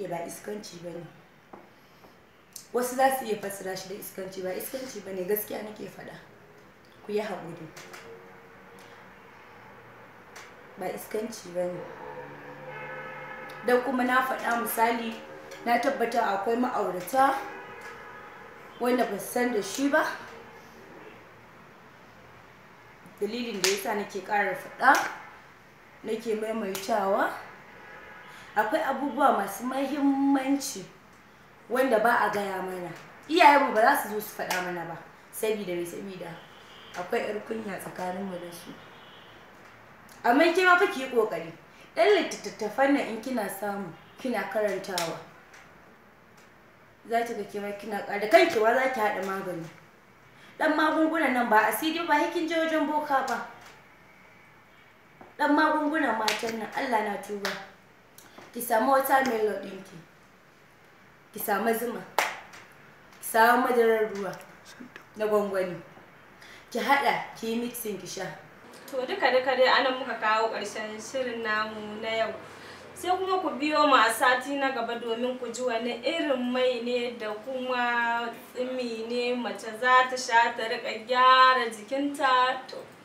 ke ba iskanci ba wasu za su iya fassara shi da iskanci ba iskanci ba ne gaskiya nake faɗa ku yi haƙuri ba iskanci ba don kuma na faɗa misali na tabbata akwai ma'aurata wanda ba san da shi ba dalilin da yasa nake ƙara faɗa nake maimaitawa akwai abubuwa masu mahimmanci wanda ba a gaya mana iyayenmu ba za su zo su faɗa mana ba sabida mai sabida akwai yar kunya mu da su amma ke ma fa kokari ɗan littattafan nan in kina samu kina karantawa za ki ga kima kina ƙara kanki wa za ki haɗa magani ɗan magungunan nan ba asiri ba hikin jojon boka ba ɗan magungunan matan nan allah na tuba ki samu melo ɗinki ki samu zuma ki samu madarar ruwa na gwangwani ki haɗa ki yi mixing ki sha to duka duka dai anan muka kawo ƙarshen shirin namu na yau sai kuma ku biyo mu a sati na gaba domin ku ji wani irin mai ne da kuma tsimi ne mace za ta sha ta riƙa gyara jikinta to